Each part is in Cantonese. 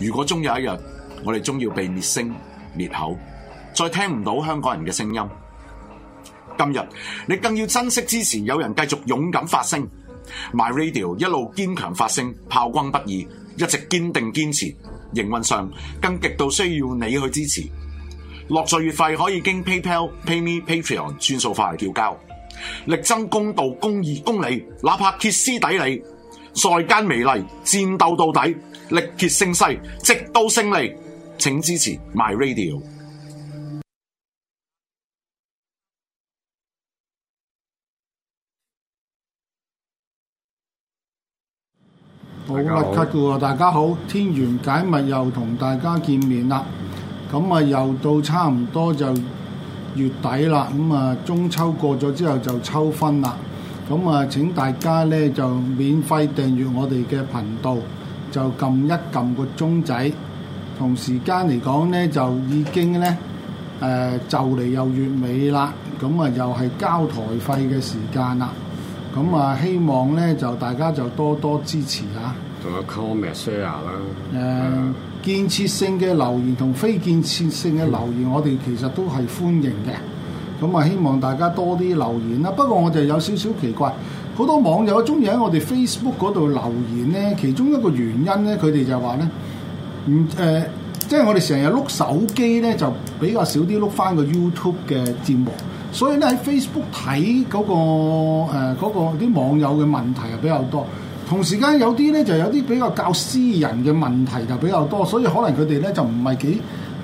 如果終有一日，我哋終要被滅聲滅口，再聽唔到香港人嘅聲音。今日你更要珍惜支持，有人繼續勇敢發聲，MyRadio 一路堅強發聲，炮轟不已，一直堅定堅持。營運上更極度需要你去支持。落座月費可以經 PayPal、PayMe、Patreon 轉數快嚟繳交，力爭公道、公義、公理，哪怕歇斯底里。在間美離，戰鬥到底，力竭勝勢，直到勝利。請支持 My Radio。好，大家好，大家好，天玄解密又同大家見面啦。咁啊，又到差唔多就月底啦。咁啊，中秋過咗之後就秋分啦。咁啊！請大家咧就免費訂閱我哋嘅頻道，就撳一撳個鐘仔。同時間嚟講咧，就已經咧誒、呃、就嚟又月尾啦，咁、嗯、啊又係交台費嘅時間啦。咁、嗯、啊，希望咧就大家就多多支持吓。仲有 commercial 啦、呃，誒、uh，建設性嘅留言同非建設性嘅留言，嗯、我哋其實都係歡迎嘅。咁啊，希望大家多啲留言啦。不過我就有少少奇怪，好多網友中意喺我哋 Facebook 度留言咧。其中一個原因咧，佢哋就話咧，唔誒，即係我哋成日碌手機咧，就比較少啲碌翻個 YouTube 嘅節目，所以咧喺 Facebook 睇嗰個誒嗰個啲網友嘅問題啊比較多。同時間有啲咧就有啲比較較私人嘅問題就比較多，所以可能佢哋咧就唔係幾。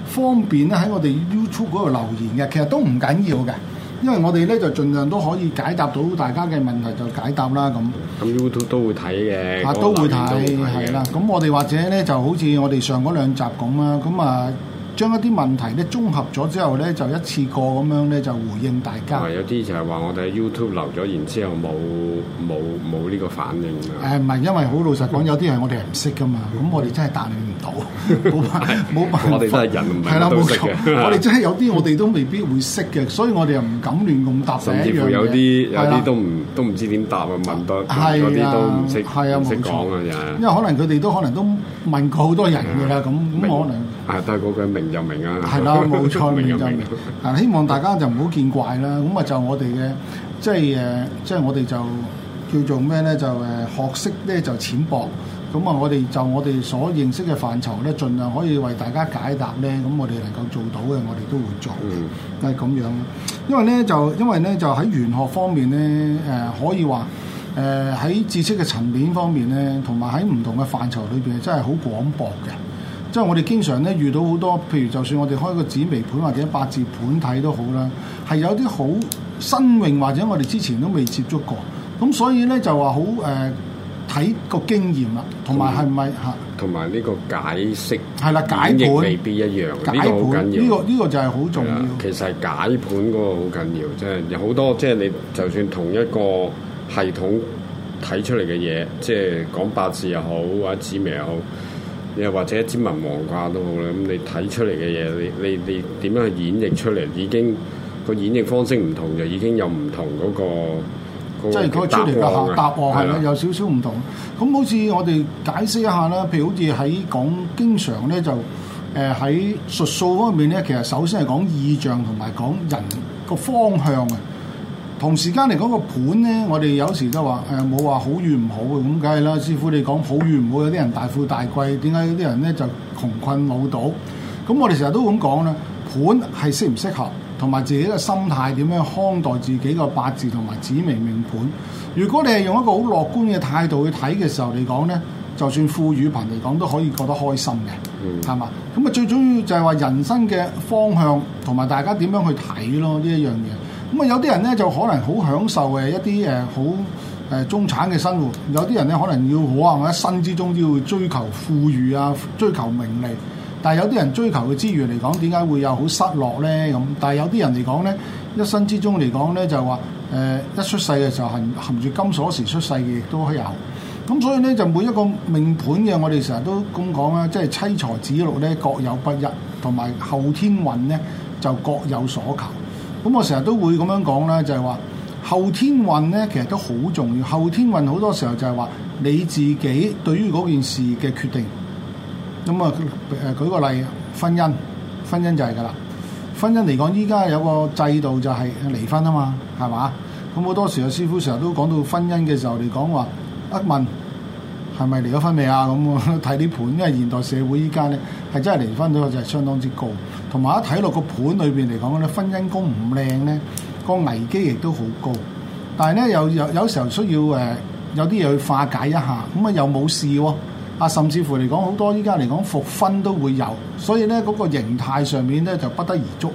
方便咧喺我哋 YouTube 度留言嘅，其實都唔緊要嘅，因為我哋咧就盡量都可以解答到大家嘅問題就解答啦咁。咁 YouTube 都會睇嘅。啊，都會睇，係啦。咁我哋或者咧就好似我哋上嗰兩集咁啦，咁啊。將一啲問題咧綜合咗之後咧，就一次過咁樣咧就回應大家。有啲就係話我哋喺 YouTube 留咗然之後冇冇冇呢個反應。誒唔係，因為好老實講，有啲係我哋係唔識噶嘛。咁我哋真係答你唔到，冇辦冇辦法。我哋真係人唔係都識嘅。我哋真係有啲我哋都未必會識嘅，所以我哋又唔敢亂咁答。甚至乎有啲有啲都唔都唔知點答啊。問多嗰啲都唔識，唔識講啊！又因為可能佢哋都可能都問過好多人㗎啦，咁咁可能啊，都係嗰句明。就明啊！係啦，冇錯，明就明。嗱，希望大家就唔好見怪啦。咁啊，就我哋嘅，即係誒，即係我哋就叫做咩咧？就誒，學識咧就淺薄。咁啊，我哋就我哋所認識嘅範疇咧，儘量可以為大家解答咧。咁我哋能夠做到嘅，我哋都會做。係咁、嗯、樣。因為咧，就因為咧，就喺玄學方面咧，誒、呃、可以話誒喺知識嘅層面方面咧，同埋喺唔同嘅範疇裏邊，真係好廣博嘅。即係我哋經常咧遇到好多，譬如就算我哋開個紫微盤或者八字盤睇都好啦，係有啲好新穎或者我哋之前都未接觸過，咁所以咧就話好誒睇個經驗啦，同埋係咪嚇？同埋呢個解釋係啦，解，解盤未必一樣，解盤呢個呢、呢個呢個就係好重要。其實解盤嗰個好緊要，真係好多即係、即係、你就算同一個系統睇出嚟嘅嘢，即係、即係、講八字又好或者紫微又好。又或者一支文王卦都好啦，咁你睇出嚟嘅嘢，你你你點樣去演繹出嚟，已經、個演繹方式唔同就已經有唔同嗰個，即係嗰出嚟嘅答案喎，係啦，有少少唔同。咁的好似我哋解釋一下啦，譬如好似喺講經常咧就誒喺術數方面咧，其實首先係講意象同埋講人個方向啊。同時間嚟講、個盤咧，我哋有時都話誒冇話好與唔好嘅，咁梗係啦。師傅你講好與唔好，有啲人大富大貴，點解有啲人咧就窮困潦倒？咁我哋成日都咁講咧，盤係適唔適合，同埋自己嘅心態點樣看待自己個八字同埋紫微命盤。如果你係用一個好樂觀嘅態度去睇嘅時候嚟講咧，就算富與貧嚟講都可以覺得開心嘅，係嘛、嗯？咁啊，最重要就係話人生嘅方向同埋大家點樣去睇咯，呢一樣嘢。咁啊、嗯，有啲人咧就可能好享受誒一啲誒好誒中產嘅生活，有啲人咧可能要我話我一生之中都要追求富裕啊，追求名利。但係有啲人追求嘅資源嚟講，點解會有好失落咧？咁、嗯，但係有啲人嚟講咧，一生之中嚟講咧就話誒、呃、一出世嘅時候就含含住金鎖匙出世嘅亦都有。咁、嗯、所以咧就每一個命盤嘅我哋成日都咁講啊，即係妻財子祿咧各有不一，同埋後天運咧就各有所求。咁我成日都會咁樣講啦，就係話後天運咧，其實都好重要。後天運好多時候就係話你自己對於嗰件事嘅決定。咁啊誒，舉個例，婚姻，婚姻就係噶啦。婚姻嚟講，依家有個制度就係離婚啊嘛，係嘛？咁好多時啊，師傅成日都講到婚姻嘅時候嚟講話，一問。係咪離咗婚未啊？咁睇啲盤，因為現代社會依家咧係真係離婚率就係相當之高。同埋一睇落個盤裏邊嚟講咧，婚姻宮唔靚咧，個危機亦都好高。但係咧，有有有時候需要誒、呃，有啲嘢去化解一下，咁啊又冇事喎。啊，甚至乎嚟講好多依家嚟講復婚都會有，所以咧嗰、那個形態上面咧就不得而足。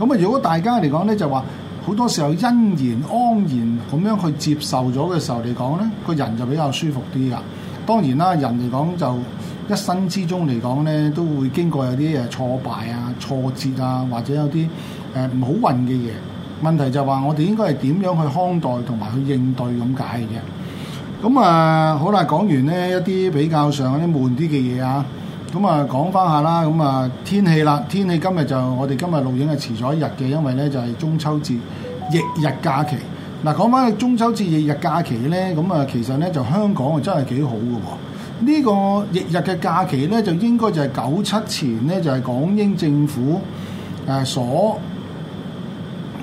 咁啊，如果大家嚟講咧就話，好多時候欣然安然咁樣去接受咗嘅時候嚟講咧，個人就比較舒服啲㗎。當然啦，人嚟講就一生之中嚟講咧，都會經過有啲誒挫敗啊、挫折啊，或者有啲誒唔好運嘅嘢。問題就係話我哋應該係點樣去看待同埋去應對咁解嘅。咁啊，好啦，講完呢一啲比較上啲悶啲嘅嘢啊，咁啊講翻下啦。咁啊天氣啦，天氣今日就我哋今日錄影係遲咗一日嘅，因為咧就係、是、中秋節翌日假期。嗱，講翻個中秋節翌日假期咧，咁啊，其實咧就香港啊真係幾好嘅喎。呢個翌日嘅假期咧，就應該就係九七前咧，就係港英政府誒所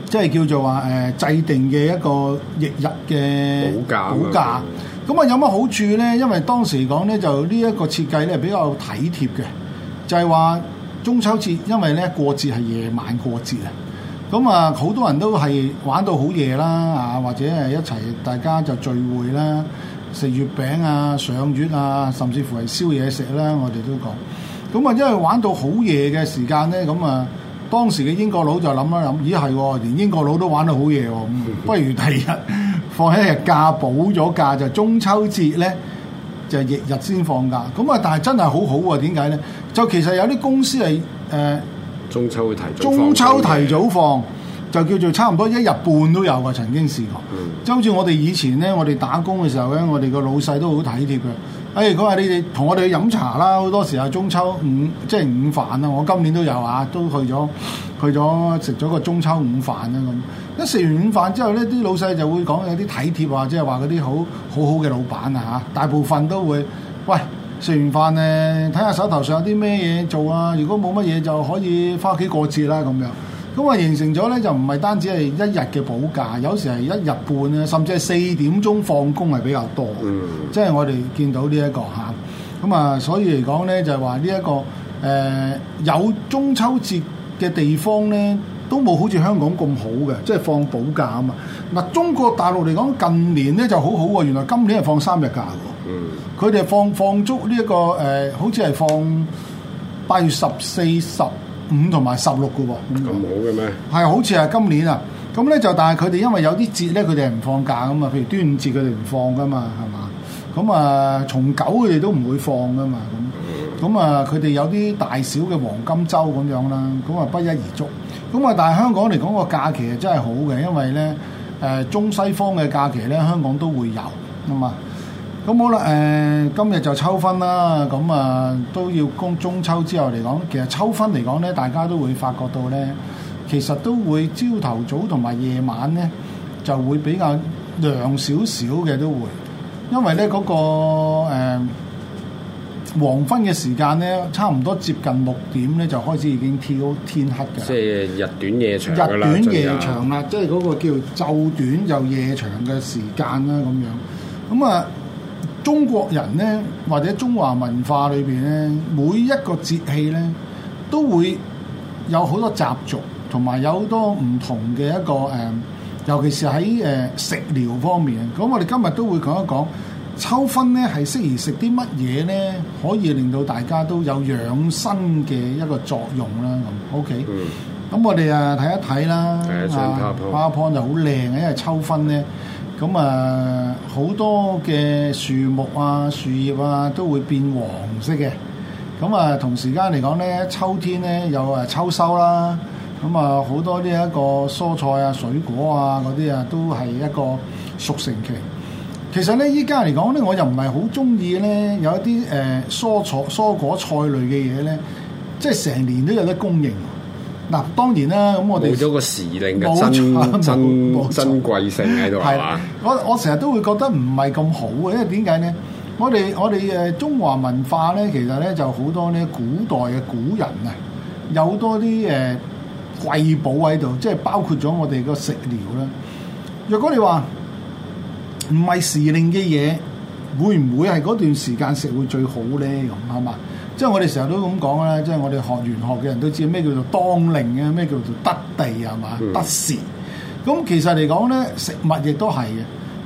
即係叫做話誒制定嘅一個翌日嘅補假。補假，咁啊，有乜好處咧？因為當時嚟講咧，就呢一個設計咧比較體貼嘅，就係話中秋節，因為咧過節係夜晚過節啊。咁啊，好多人都係玩到好夜啦，啊或者係一齊大家就聚會啦，食月餅啊、上月啊，甚至乎係宵夜食啦，我哋都講。咁啊，因為玩到好夜嘅時間呢。咁啊，當時嘅英國佬就諗一諗，咦係喎，連英國佬都玩到好夜喎，不如第二日放一日假補咗假，就中秋節呢，就翌日先放假。咁啊，但係真係好好喎，點解呢？就其實有啲公司係誒。呃中秋會提早中秋提早放就叫做差唔多一日半都有嘅，曾經試過。即係好似我哋以前呢，我哋打工嘅時候呢，我哋個老細都好體貼嘅。誒、哎，佢話你哋同我哋飲茶啦，好多時候中秋午，即係午飯啊，我今年都有啊，都去咗去咗食咗個中秋午飯啊。咁。一食完午飯之後呢，啲老細就會講有啲體貼啊，即係話嗰啲好好好嘅老闆啊，大部分都會喂。食完飯咧，睇下手頭上有啲咩嘢做啊！如果冇乜嘢就可以返屋企過節啦、啊、咁樣。咁啊形成咗咧就唔係單止係一日嘅補假，有時係一日半咧，甚至係四點鐘放工係比較多。嗯、即係我哋見到呢、這、一個吓。咁啊，所以嚟講咧就係話呢一個誒、呃、有中秋節嘅地方咧，都冇好似香港咁好嘅，即係放補假啊嘛。嗱，中國大陸嚟講近年咧就好好、啊、喎，原來今年係放三日假。這個呃、14，嗯，佢哋放放足呢一個誒，好似係放八月十四、十五同埋十六噶喎。咁好嘅咩？係好似係今年啊，咁、嗯、咧就但係佢哋因為有啲節咧，佢哋係唔放假噶嘛。譬如端午節佢哋唔放噶嘛，係、嗯啊、嘛？咁、嗯、啊，重九佢哋都唔會放噶嘛。咁咁啊，佢哋有啲大小嘅黃金周咁樣啦。咁啊，不一而足。咁、嗯、啊，但係香港嚟講個假期係，真係好嘅，因為咧誒、呃，中西方嘅假期咧，香港都會有啊嘛。咁好啦，誒、呃，今日就秋分啦。咁啊，都要公中秋之後嚟講，其實秋分嚟講咧，大家都會發覺到咧，其實都會朝頭早同埋夜晚咧就會比較涼少少嘅都會，因為咧嗰、那個誒、呃、黃昏嘅時間咧，差唔多接近六點咧，就開始已經睇到天黑㗎。即係日短夜長，日短夜長啊！即係嗰個叫晝短又夜長嘅時間啦，咁樣咁啊～中國人咧，或者中華文化裏邊咧，每一個節氣咧，都會有好多習俗，同埋有好多唔同嘅一個誒、呃，尤其是喺誒、呃、食療方面。咁我哋今日都會講一講秋分咧，係適宜食啲乜嘢咧，可以令到大家都有養生嘅一個作用、okay? 嗯啊、看看啦。咁 OK，咁我哋啊睇一睇啦，阿花炮就好靚嘅，因為秋分咧。咁啊，好多嘅樹木啊、樹葉啊，都會變黃色嘅。咁啊，同時間嚟講咧，秋天咧有誒秋收啦。咁啊，好多呢一個蔬菜啊、水果啊嗰啲啊，都係一個熟成期。其實咧，依家嚟講咧，我又唔係好中意咧，有一啲誒、呃、蔬菜、蔬果、菜類嘅嘢咧，即係成年都有得供應。嗱當然啦，咁我哋冇咗個時令嘅珍珍珍貴性喺度啊嘛！我我成日都會覺得唔係咁好嘅，因為點解咧？我哋我哋誒中華文化咧，其實咧就好多咧古代嘅古人啊，有多啲誒、呃、貴寶喺度，即係包括咗我哋個食療啦。若果你話唔係時令嘅嘢，會唔會係嗰段時間食會最好咧？咁係嘛？即係我哋成日都咁講啦，即係我哋學玄學嘅人都知咩叫做當令嘅，咩叫做得地係嘛，嗯、得時。咁其實嚟講咧，食物亦都係嘅。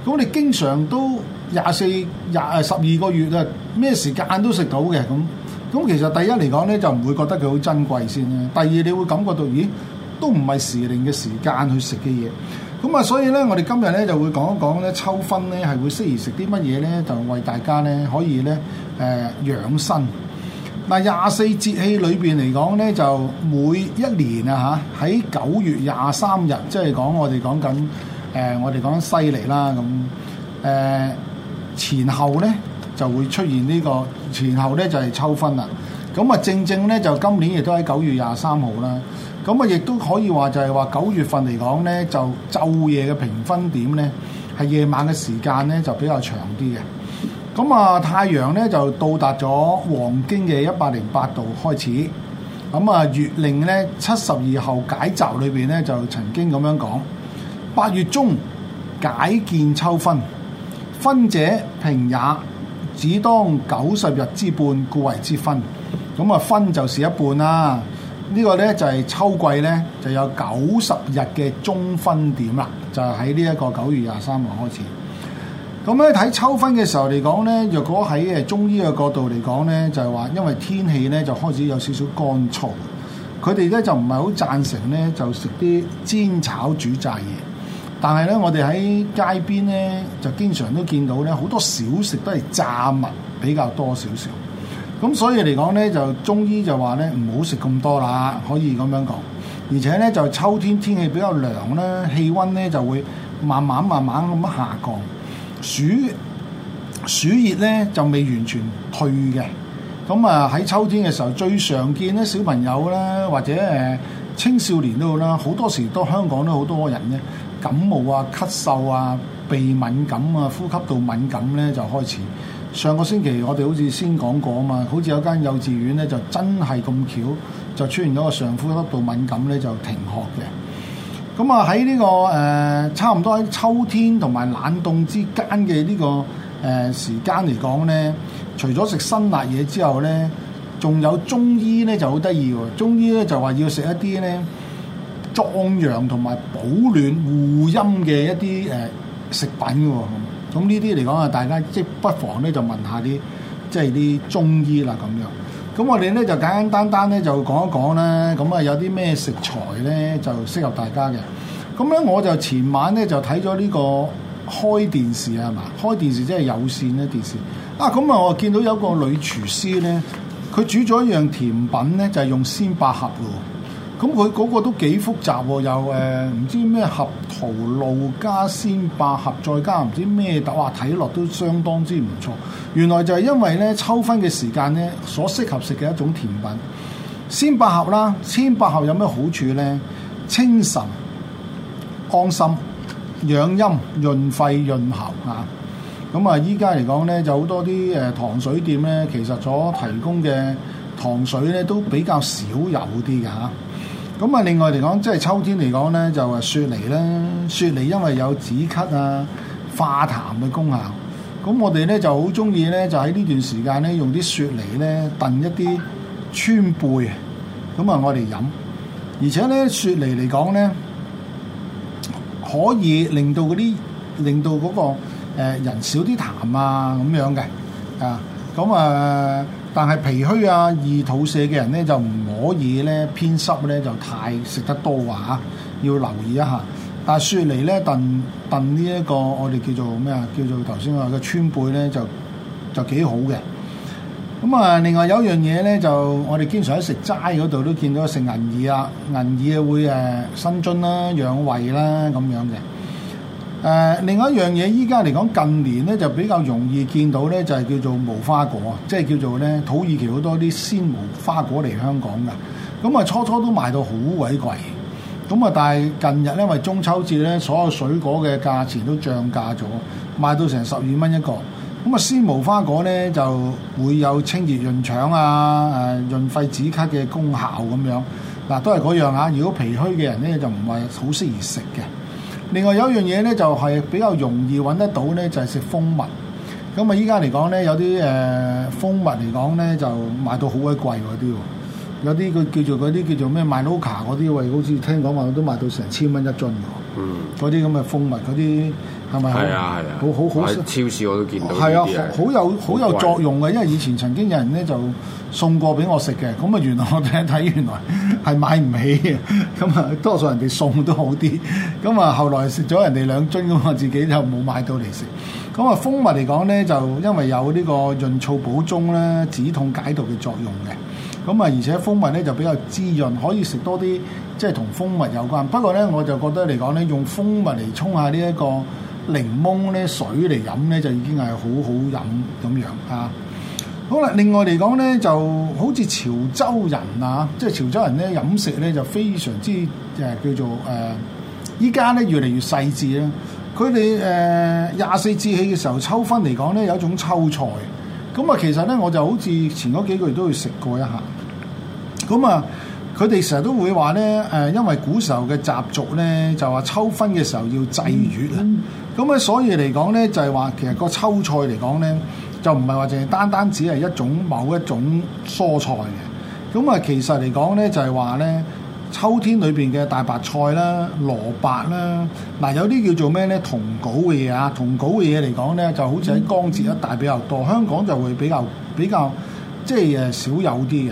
咁你經常都廿四、廿十二個月啊，咩時間都食到嘅咁。咁其實第一嚟講咧，就唔會覺得佢好珍貴先啦。第二，你會感覺到咦，都唔係時令嘅時間去食嘅嘢。咁啊，所以咧，我哋今日咧就會講一講咧，秋分咧係會適宜食啲乜嘢咧，就為大家咧可以咧誒養生。嗱，廿四節氣裏邊嚟講咧，就每一年啊嚇，喺九月廿三日，即係講我哋講緊誒，我哋講緊西嚟啦咁誒，前後咧就會出現呢個前後咧就係秋分啦。咁啊正正咧就今年亦都喺九月廿三號啦。咁啊亦都可以話就係話九月份嚟講咧，就晝夜嘅平分點咧，係夜晚嘅時間咧就比較長啲嘅。咁啊，太陽咧就到達咗黃經嘅一百零八度開始。咁啊，月令咧《七十二候解集》裏邊咧就曾經咁樣講：八月中解見秋分，分者平也，只當九十日之半，故為之分。咁啊，分就是一半啦。這個、呢個咧就係、是、秋季咧就有九十日嘅中分點啦，就喺呢一個九月廿三號開始。咁咧睇秋分嘅時候嚟講咧，若果喺誒中醫嘅角度嚟講咧，就係話因為天氣咧就開始有少少乾燥，佢哋咧就唔係好贊成咧就食啲煎炒煮炸嘢。但係咧，我哋喺街邊咧就經常都見到咧好多小食都係炸物比較多少少。咁所以嚟講咧就中醫就話咧唔好食咁多啦，可以咁樣講。而且咧就秋天天氣比較涼咧，氣温咧就會慢慢慢慢咁下降。暑暑熱咧就未完全退嘅。咁啊喺秋天嘅時候最常見咧，小朋友啦，或者誒、呃、青少年都好啦，好多時都香港都好多人咧感冒啊、咳嗽啊、鼻敏感啊、呼吸道敏感咧就開始。上個星期我哋好似先講過啊嘛，好似有間幼稚園咧就真係咁巧就出現咗個上呼吸道敏感咧就停學嘅。咁啊喺呢個誒、呃、差唔多喺秋天同埋冷凍之間嘅呢個誒、呃、時間嚟講咧，除咗食辛辣嘢之後咧，仲有中醫咧就好得意喎！中醫咧就話要食一啲咧壯陽同埋保暖護陰嘅一啲誒、呃、食品喎。咁呢啲嚟講啊，大家即不妨咧就問下啲即係啲中醫啦咁樣。咁我哋咧就簡簡單單咧就講一講咧，咁啊有啲咩食材咧就適合大家嘅。咁咧我就前晚咧就睇咗呢個開電視啊嘛，開電視即係有線咧電視。啊咁啊，我見到有個女廚師咧，佢煮咗一樣甜品咧，就係、是、用鮮百合喎。咁佢嗰個都幾複雜喎，啊，又誒唔知咩合桃露加鮮百合再加唔知咩，哇睇落都相當之唔錯。原來就係因為咧秋分嘅時間咧，所適合食嘅一種甜品，鮮百合啦。鮮百合有咩好處咧？清神、安心、養陰、潤肺、潤喉啊。咁啊，依家嚟講咧就好多啲誒糖水店咧，其實所提供嘅糖水咧都比較少有啲㗎吓。咁啊，另外嚟講，即係秋天嚟講咧，就話雪梨啦，雪梨因為有止咳啊、化痰嘅功效。咁我哋咧就好中意咧，就喺呢段時間咧，用啲雪梨咧燉一啲川貝，咁啊，我哋飲。而且咧，雪梨嚟講咧，可以令到嗰啲，令到嗰個呃人少啲痰啊咁樣嘅，啊，咁啊。但係脾虛啊、易肚瀉嘅人咧，就唔可以咧偏濕咧，就太食得多話、啊、要留意一下。但係雪梨咧燉燉呢一個我哋叫做咩啊？叫做頭先話嘅川貝咧，就就幾好嘅。咁、嗯、啊，另外有一樣嘢咧，就我哋經常喺食齋嗰度都見到食銀耳啊，銀耳會誒生津啦、養胃啦、啊、咁樣嘅。誒、呃、另外一樣嘢，依家嚟講近年咧就比較容易見到咧，就係、是、叫做無花果，即係叫做咧土耳其好多啲鮮無花果嚟香港㗎。咁啊初初都賣到好鬼貴，咁啊但係近日呢因為中秋節咧，所有水果嘅價錢都漲價咗，賣到成十二蚊一個。咁啊鮮無花果咧就會有清熱潤腸啊、誒、啊、潤肺止咳嘅功效咁樣。嗱、啊、都係嗰樣啊，如果脾虛嘅人咧就唔係好適宜食嘅。另外有一樣嘢咧，就係、是、比較容易揾得到咧，就係、是、食蜂蜜。咁、嗯、啊，依家嚟講咧，有啲誒蜂蜜嚟講咧，就賣到好鬼貴嗰啲喎。有啲佢叫做嗰啲叫做咩 Manuka 嗰啲喎，好似聽講話都賣到成千蚊一樽喎。嗯。嗰啲咁嘅蜂蜜嗰啲係咪？係啊係啊。好好好。喺超市我都見到。係啊，好有好有很貴 作用嘅，因為以前曾經有人咧就送過俾我食嘅。咁啊，原來我睇睇原來。 係買唔起嘅，咁 啊多數人哋送都好啲，咁 啊後來食咗人哋兩樽咁啊自己就冇買到嚟食。咁 啊蜂蜜嚟講咧就因為有呢個潤燥補中咧止痛解毒嘅作用嘅，咁啊而且蜂蜜咧就比較滋潤，可以食多啲，即係同蜂蜜有關。不過咧我就覺得嚟講咧用蜂蜜嚟沖下呢一個檸檬咧水嚟飲咧就已經係好好飲咁樣啊。好啦，另外嚟講咧，就好似潮州人啊，即係潮州人咧飲食咧就非常之誒叫做誒，依家咧越嚟越細緻啦。佢哋誒廿四節氣嘅時候，秋分嚟講咧有一種秋菜，咁啊其實咧我就好似前嗰幾個月都會食過一下。咁啊，佢哋成日都會話咧誒，因為古時候嘅習俗咧，就話秋分嘅時候要祭月啊。咁啊、嗯，嗯、所以嚟講咧就係、是、話，其實個秋菜嚟講咧。就唔係話淨係單單只係一種某一種蔬菜嘅，咁啊其實嚟講咧就係話咧，秋天裏邊嘅大白菜啦、蘿蔔啦，嗱、啊、有啲叫做咩咧？茼蒿嘅嘢啊，茼蒿嘅嘢嚟講咧，就好似喺江浙一帶比較多，香港就會比較比較即係誒少有啲嘅。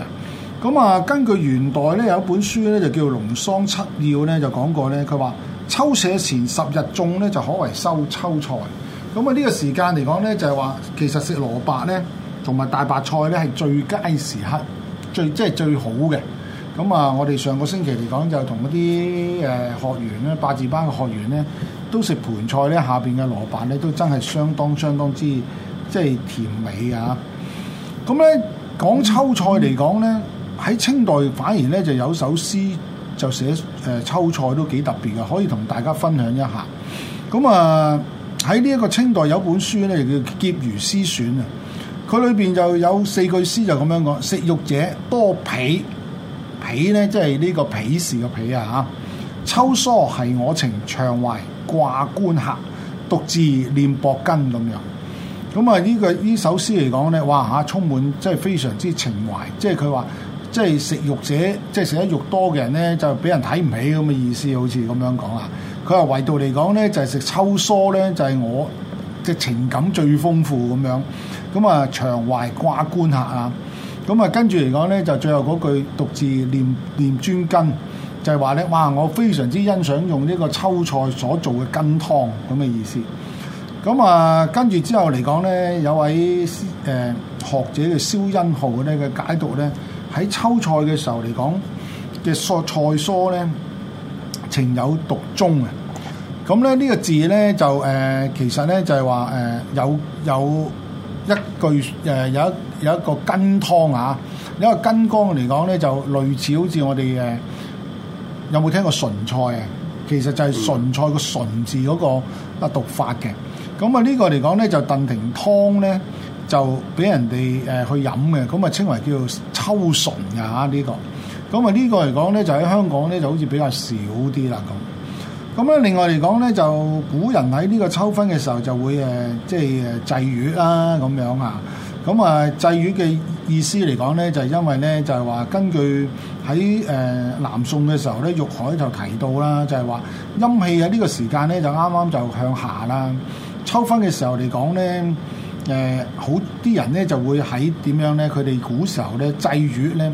咁啊，根據元代咧有一本書咧就叫《農桑七要》咧就講過咧，佢話秋社前十日種咧就可為收秋菜。咁啊！呢個時間嚟講呢，就係話其實食蘿蔔呢，同埋大白菜呢，係最佳時刻，最即係最好嘅。咁啊，我哋上個星期嚟講就同嗰啲誒學員咧，八字班嘅學員呢，都食盆菜呢，下邊嘅蘿蔔呢，都真係相當相當之即係甜美啊！咁呢，講秋菜嚟講呢，喺、嗯、清代反而呢，就有首詩就寫誒、呃、秋菜都幾特別嘅，可以同大家分享一下。咁啊～、呃喺呢一個清代有本書咧，就叫《劫如詩選》啊。佢裏邊就有四句詩就咁樣講：食肉者多鄙，鄙咧即係呢個鄙視嘅鄙啊嚇。秋疏係我情長懷掛冠客，獨自念薄根咁樣。咁啊，呢個呢首詩嚟講咧，哇嚇、啊，充滿即係非常之情懷，即係佢話。即係食肉者，即係食得肉多嘅人咧，就俾人睇唔起咁嘅意思，好似咁樣講啊！佢話唯獨嚟講咧，就係、是、食秋蔬咧，就係、是、我隻情感最豐富咁樣。咁啊，長懷掛冠客啊！咁啊，跟住嚟講咧，就最後嗰句獨自念念專根，就係話咧，哇！我非常之欣賞用呢個秋菜所做嘅羹湯咁嘅意思。咁啊，跟住之後嚟講咧，有位誒、呃、學者嘅蕭欣浩咧嘅解讀咧。喺秋菜嘅時候嚟講嘅蔬菜蔬咧，情有獨鍾啊！咁咧呢、這個字咧就誒、呃，其實咧就係話誒有有一句誒、呃、有一有一個羹湯啊，因為羹湯嚟講咧就類似好似我哋誒、呃、有冇聽過純菜啊？其實就係純菜、呃純那個純字嗰個啊讀法嘅。咁啊呢個嚟講咧就鄧廷湯咧。就俾人哋誒去飲嘅，咁啊稱為叫做秋醇㗎嚇呢個。咁、這、啊、個、呢個嚟講咧，就喺香港咧就好似比較少啲啦咁。咁咧另外嚟講咧，就古人喺呢個秋分嘅時候就會誒、呃、即係誒祭月啦咁樣啊。咁啊祭月嘅意思嚟講咧，就係、是、因為咧就係、是、話根據喺誒、呃、南宋嘅時候咧，玉海就提到啦，就係話陰氣喺呢個時間咧就啱啱就向下啦。秋分嘅時候嚟講咧。誒、呃、好啲人咧就會喺點樣咧？佢哋古時候咧製魚咧，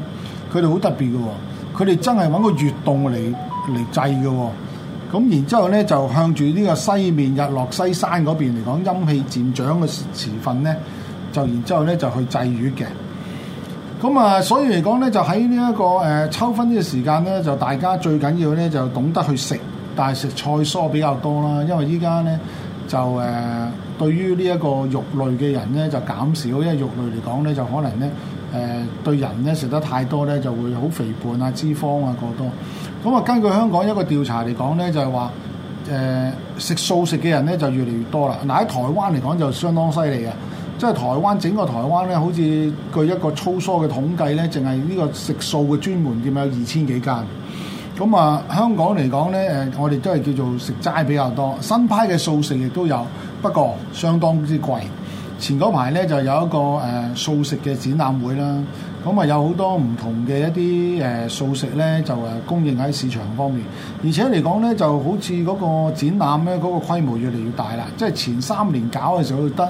佢哋好特別嘅喎、哦。佢哋真係搵個月洞嚟嚟製嘅喎、哦。咁、嗯、然之後咧就向住呢個西面日落西山嗰邊嚟講陰氣漸長嘅時分咧，就然之後咧就去製魚嘅。咁、嗯、啊，所以嚟講咧就喺呢一個誒、呃、秋分呢個時間咧，就大家最緊要咧就懂得去食，但係食菜蔬比較多啦，因為依家咧。就誒、呃，對於呢一個肉類嘅人咧，就減少，因為肉類嚟講咧，就可能咧誒、呃，對人咧食得太多咧，就會好肥胖啊、脂肪啊過多、多。咁、嗯、啊，根據香港一個調查嚟講咧，就係話誒食素食嘅人咧就越嚟越多啦。嗱、呃、喺台灣嚟講就相當犀利嘅，即係台灣整個台灣咧，好似據一個粗疏嘅統計咧，淨係呢個食素嘅專門店有二千幾間。咁啊，香港嚟講呢，誒，我哋都係叫做食齋比較多，新派嘅素食亦都有，不過相當之貴。前嗰排呢，就有一個誒素食嘅展覽會啦，咁啊有好多唔同嘅一啲誒素食呢，就誒供應喺市場方面，而且嚟講呢，就好似嗰個展覽呢，嗰個規模越嚟越大啦，即係前三年搞嘅時候得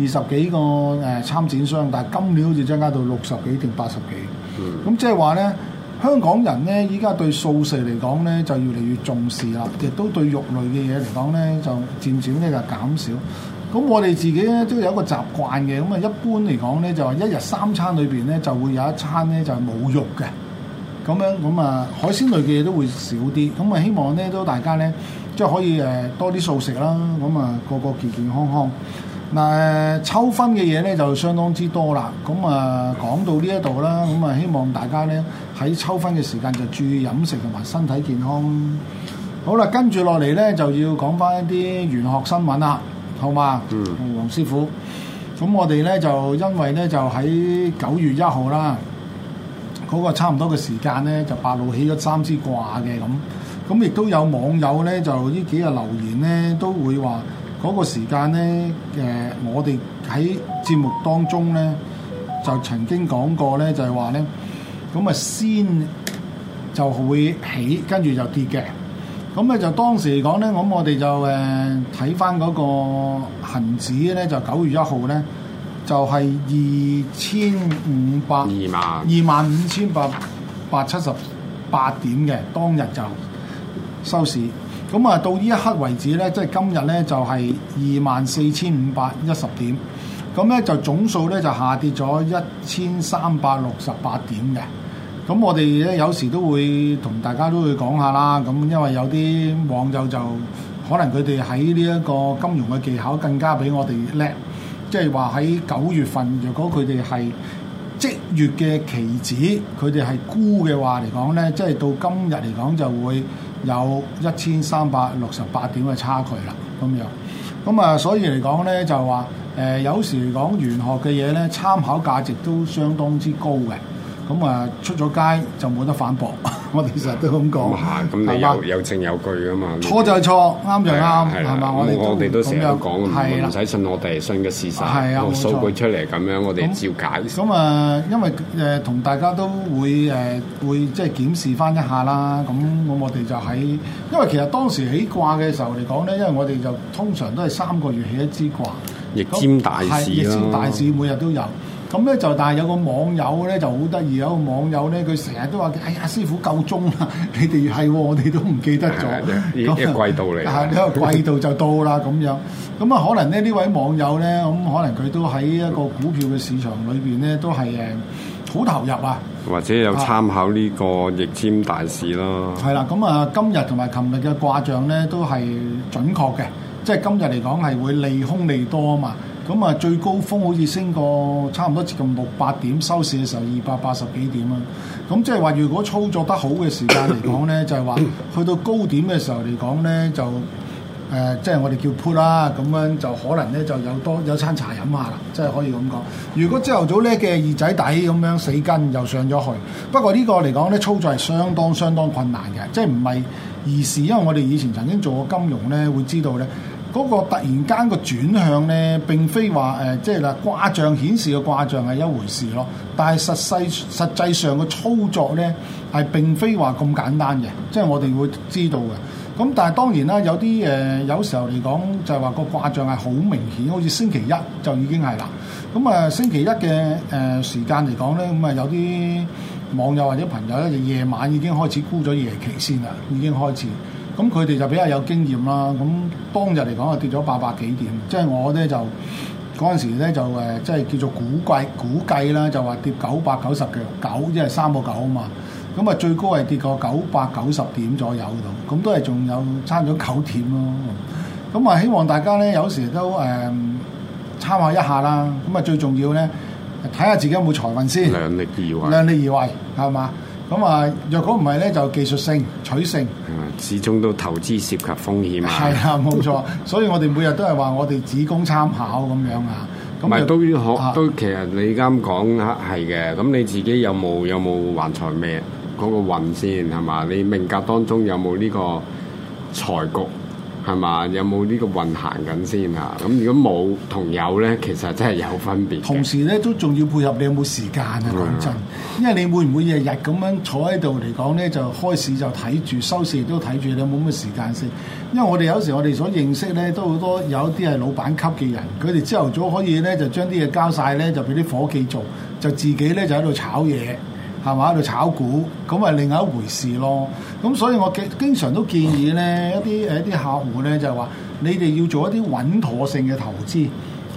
二十幾個誒參展商，但係今年好似增加到六十幾定八十幾，咁即係話呢。香港人呢，依家對素食嚟講呢，就越嚟越重視啦。亦都對肉類嘅嘢嚟講呢，就漸漸呢，就減少。咁我哋自己呢，都有一個習慣嘅。咁啊，一般嚟講呢，就一日三餐裏邊呢，就會有一餐呢，就係冇肉嘅。咁樣咁啊，海鮮類嘅嘢都會少啲。咁啊，希望呢，都大家呢，即係可以誒多啲素食啦。咁啊，個個健健康康。嗱、嗯，秋分嘅嘢咧就相當之多啦，咁啊講到呢一度啦，咁啊希望大家咧喺秋分嘅時間就注意飲食同埋身體健康。好啦，跟住落嚟咧就要講翻一啲玄學新聞啦，好嘛？嗯。黃師傅，咁我哋咧就因為咧就喺九月一號啦，嗰、那個差唔多嘅時間咧就白露起咗三支卦嘅咁，咁亦都有網友咧就呢幾日留言咧都會話。嗰個時間咧，誒、呃，我哋喺節目當中咧，就曾經講過咧，就係話咧，咁啊，先就會起，跟住就跌嘅。咁咧就當時嚟講咧，咁我哋就誒睇返嗰個恆指咧，就九月一號咧，就係二千五百二萬二萬五千八百七十八點嘅當日就收市。咁啊，到呢一刻為止咧，即係今日咧就係二萬四千五百一十點，咁咧就總數咧就下跌咗一千三百六十八點嘅。咁我哋咧有時都會同大家都會講下啦，咁因為有啲網友就可能佢哋喺呢一個金融嘅技巧更加比我哋叻，即係話喺九月份，如果佢哋係即月嘅期指，佢哋係沽嘅話嚟講呢，即係到今日嚟講就會。1> 有一千三百六十八點嘅差距啦，咁樣，咁啊，所以嚟講咧，就話誒、呃，有時嚟講，玄學嘅嘢咧，參考價值都相當之高嘅。咁啊，出咗街就冇得反駁。我哋成日都咁講。咁你有有證有據噶嘛？錯就係錯，啱就啱，係嘛？我哋都成日講，唔使信我哋，信嘅事實，個數據出嚟咁樣，我哋照解。咁啊，因為誒同大家都會誒會即係檢視翻一下啦。咁咁我哋就喺，因為其實當時起卦嘅時候嚟講咧，因為我哋就通常都係三個月起一支卦，易占大市啦，易占大市每日都有。咁咧就，但係有個網友咧就好得意，有個網友咧，佢成日都話，哎呀，師傅夠鐘啦！你哋係喎，我哋都唔記得咗。咁季度嚟，咁季度就到啦咁樣。咁啊，可能咧呢位網友咧，咁可能佢都喺一個股票嘅市場裏邊咧，都係誒好投入啊。或者有參考呢個逆籤大市咯。係啦，咁啊，今日同埋琴日嘅卦象咧，都係準確嘅。即係今日嚟講係會利空利多啊嘛。咁啊，最高峰好似升過差唔多接近六八點收市嘅時候，二百八十幾點啊！咁即係話，如果操作得好嘅時間嚟講咧，就係話去到高點嘅時候嚟講咧，就誒即係我哋叫 put 啦，咁樣就可能咧就有多有餐茶飲下啦，即係可以咁講。如果朝頭早咧嘅二仔底咁樣死根又上咗去，不過呢個嚟講咧操作係相當相當困難嘅，即係唔係而是因為我哋以前曾經做過金融咧，會知道咧。嗰個突然間個轉向咧，並非話誒、呃，即係嗱，卦象顯示嘅卦象係一回事咯。但係實際實際上嘅操作咧，係並非話咁簡單嘅，即係我哋會知道嘅。咁 we、yeah, 但係當然啦，有啲誒，有時候嚟講就係話個卦象係好明顯，好似星期一就已經係啦。咁啊，星期一嘅誒時間嚟講咧，咁、就、啊、是、有啲網友或者朋友咧，就夜晚已經開始沽咗夜期先啦，已經開始。咁佢哋就比較有經驗啦。咁當日嚟講，就跌咗八百幾點。即係我咧就嗰陣時咧就誒，即係叫做估計估計啦，就話跌九百九十嘅九，即係三個九啊嘛。咁啊，最高係跌過九百九十點左右度。咁都係仲有差咗九點咯。咁啊，希望大家咧有時都誒、呃、參考一下啦。咁啊，最重要咧睇下自己有冇財運先。量力而為。量力而為，係嘛？咁啊，若果唔係咧，就技術性取勝。始終都投資涉及風險啊。係啊， 冇錯。所以我哋每日都係話，我哋只供參考咁樣啊。咁係都要學，啊、都其實你啱講係嘅。咁你自己有冇有冇還財命嗰、嗰個運線係嘛？你命格當中有冇呢個財局？係嘛？有冇呢個運行緊先啊？咁如果冇同有咧，其實真係有分別嘅。同時咧，都仲要配合你有冇時間啊？講、嗯、真，因為你會唔會日日咁樣坐喺度嚟講咧？就開市就睇住，收市都睇住，你有冇咩嘢時間先？因為我哋有時我哋所認識咧，都好多有啲係老闆級嘅人，佢哋朝頭早可以咧就將啲嘢交晒咧，就俾啲伙計做，就自己咧就喺度炒嘢。係咪喺度炒股，咁咪另外一回事咯。咁所以我經經常都建議咧一啲誒一啲客戶咧就係話，你哋要做一啲穩妥性嘅投資，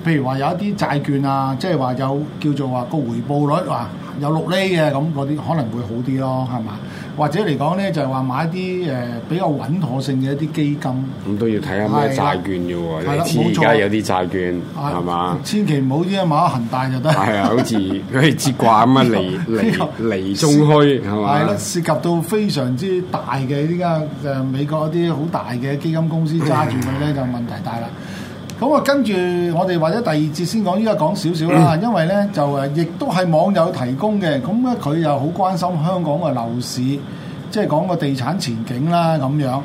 譬如話有一啲債券啊，即係話有叫做話個回報率啊有六厘嘅咁嗰啲可能會好啲咯，係嘛？或者嚟講咧，就係話買啲誒比較穩妥性嘅一啲基金。咁都要睇下咩債券嘅喎，因為而家有啲債券係嘛。千祈唔好依家買恒大就得。係啊，好似佢接卦咁啊，離離，離，中虛係嘛？係咯，涉及到非常之大嘅呢間誒美國一啲好大嘅基金公司揸住佢咧，就問題大啦。咁啊，跟住我哋或者第二節先講，依家講少少啦，因為咧就誒，亦都係網友提供嘅，咁咧佢又好關心香港嘅樓市，即係講個地產前景啦咁樣。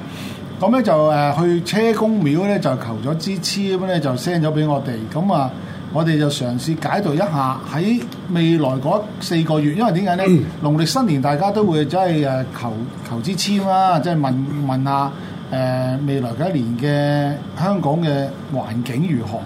咁咧就誒、呃、去車公廟咧就求咗支籤咁咧就 send 咗俾我哋，咁啊我哋就嘗試解讀一下喺未來嗰四個月，因為點解咧？農曆、嗯、新年大家都會即係誒求求支籤啦，即、就、係、是、問問下。誒、呃、未來嗰一年嘅香港嘅環境如何？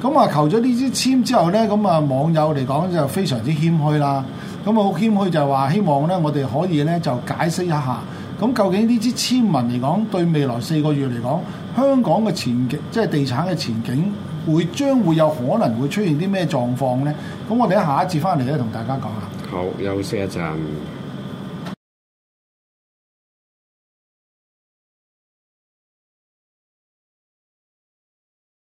咁啊求咗呢支籤之後呢，咁啊網友嚟講就非常之謙虛啦。咁啊好謙虛就係話希望呢我哋可以呢就解釋一下。咁究竟呢支簽文嚟講，對未來四個月嚟講，香港嘅前景即係地產嘅前景，前景會將會有可能會出現啲咩狀況呢？咁我哋下一節翻嚟咧，同大家講下。好，休息一陣。